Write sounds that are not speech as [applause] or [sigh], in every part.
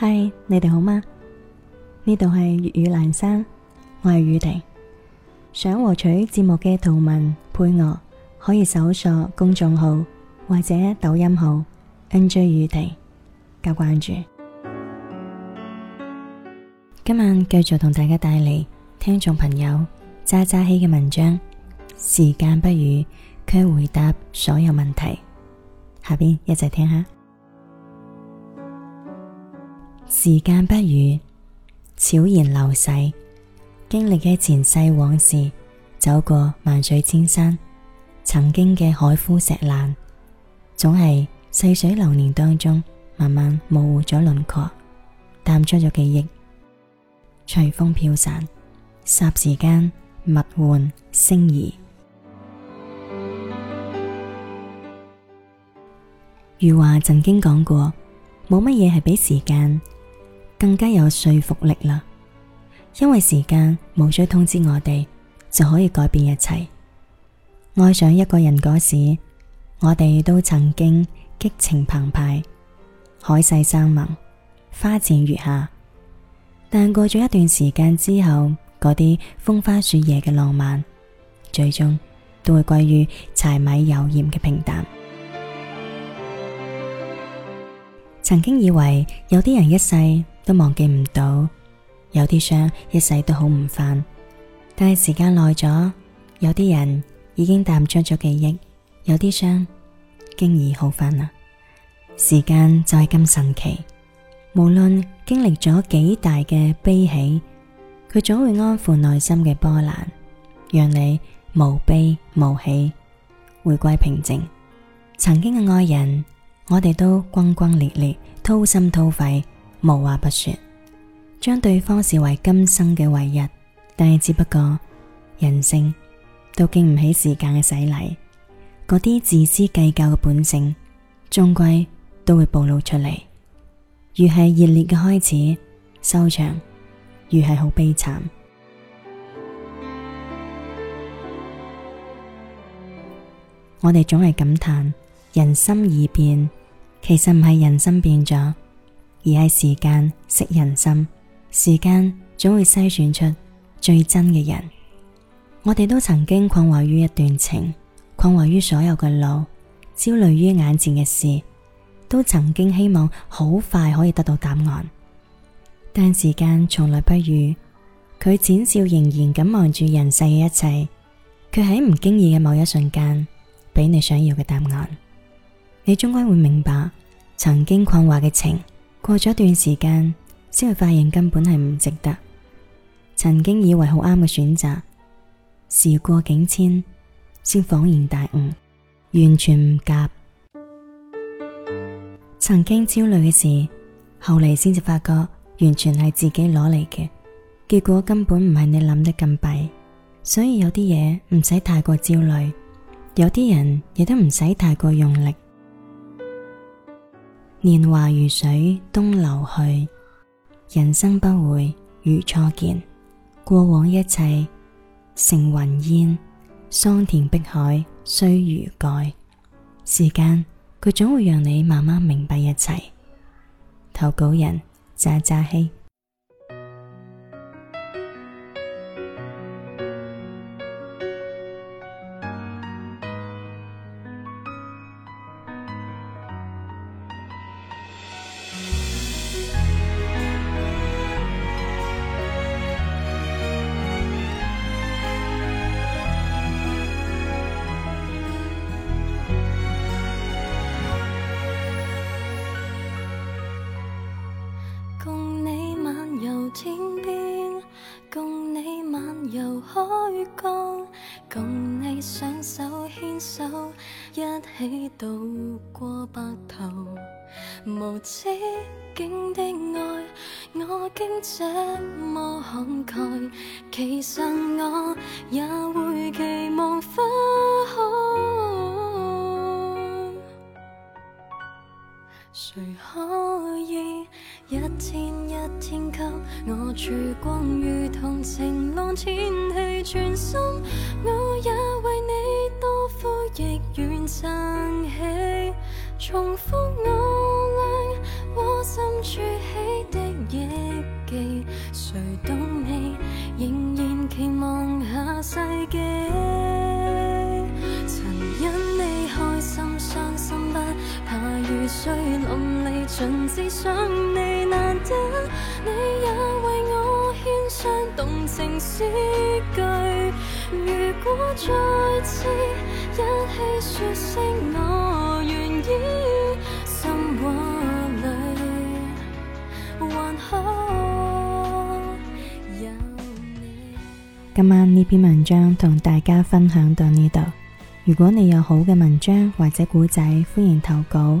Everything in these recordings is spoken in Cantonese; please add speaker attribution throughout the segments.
Speaker 1: 嗨，Hi, 你哋好嗎？呢度係粵語闌珊，我係宇婷。想獲取節目嘅圖文配樂，可以搜索公眾號或者抖音號 NJ 宇婷加關注。今晚繼續同大家帶嚟聽眾朋友渣渣希嘅文章，時間不語，卻回答所有問題。下邊一齊聽一下。時間不語，悄然流逝。經歷嘅前塵往事，走過萬水千山，曾經嘅海枯石爛，總係逝水流年當中慢慢模糊咗輪廓，淡出咗記憶，隨風飄散。霎時間，物換星移。余華曾經講過，冇乜嘢係比時間。更加有說服力啦，因為時間無需通知我哋，就可以改變一切。愛上一個人嗰時，我哋都曾經激情澎湃，海誓山盟，花前月下。但過咗一段時間之後，嗰啲風花雪夜嘅浪漫，最終都會歸於柴米油鹽嘅平淡。曾經以為有啲人一世。都忘記唔到，有啲傷一世都好唔翻，但係時間耐咗，有啲人已經淡出咗記憶，有啲傷經已好翻啦。時間就係咁神奇，無論經歷咗幾大嘅悲喜，佢總會安撫內心嘅波瀾，讓你無悲無喜，回歸平靜。曾經嘅愛人，我哋都轟轟烈烈，掏心掏肺。無話不說，將對方視為今生嘅唯一，但係只不過人性都經唔起時間嘅洗禮，嗰啲自私計較嘅本性，終歸都會暴露出嚟。越係熱烈嘅開始，收場越係好悲慘。 [music] 我哋總係感嘆人心易變，其實唔係人心變咗。而係時間識人心，時間總會篩選出最真嘅人。我哋都曾經困惑於一段情，困惑於所有嘅路，焦慮於眼前嘅事，都曾經希望好快可以得到答案。但時間從來不語，佢淺笑盈然咁望住人世嘅一切，佢喺唔經意嘅某一瞬間俾你想要嘅答案。你終歸會明白，曾經困惑嘅情，過咗一段時間，先會發現根本係唔值得。曾經以為好啱嘅選擇，時過境遷，先恍然大悟，完全唔夾。曾經焦慮嘅事，後嚟先至發覺，完全係自己攞嚟嘅。結果根本唔係你諗得咁弊。所以有啲嘢唔使太過焦慮，有啲人亦都唔使太過用力。年華如水東流去，人生不會如初見。過往一切成雲煙，桑田碧海須臾改。時間佢總會讓你慢慢明白一切。投稿人：渣渣希。
Speaker 2: 又開工，共你雙手牽手，一起度過白頭。無止境的愛，我竟這麼慷慨。其實我也會期望花開，誰可以一天？天給我曙光，如同晴朗天氣，全心我也為你多呼亦願撐起，重複我倆窩心儲起的憶記。誰懂你，仍然期望下世紀。如果再次一起說聲「我願意」，心裏還好。有你今晚
Speaker 1: 呢篇文章同大家分享到呢度。如果你有好嘅文章或者故仔，歡迎投稿。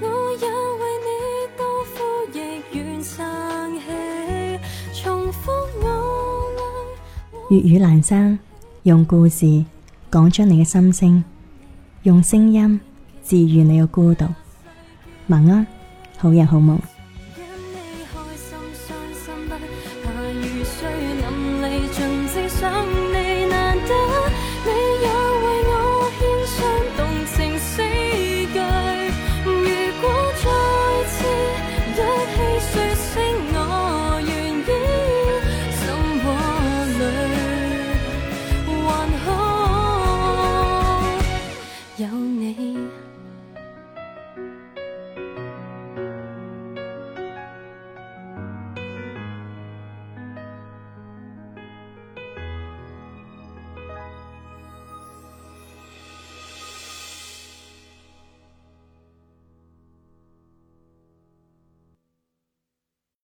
Speaker 2: 我為你，多呼亦願重
Speaker 1: 粵語闌珊，用故事講出你嘅心聲，用聲音治愈你嘅孤獨。晚安，啊，好人好夢。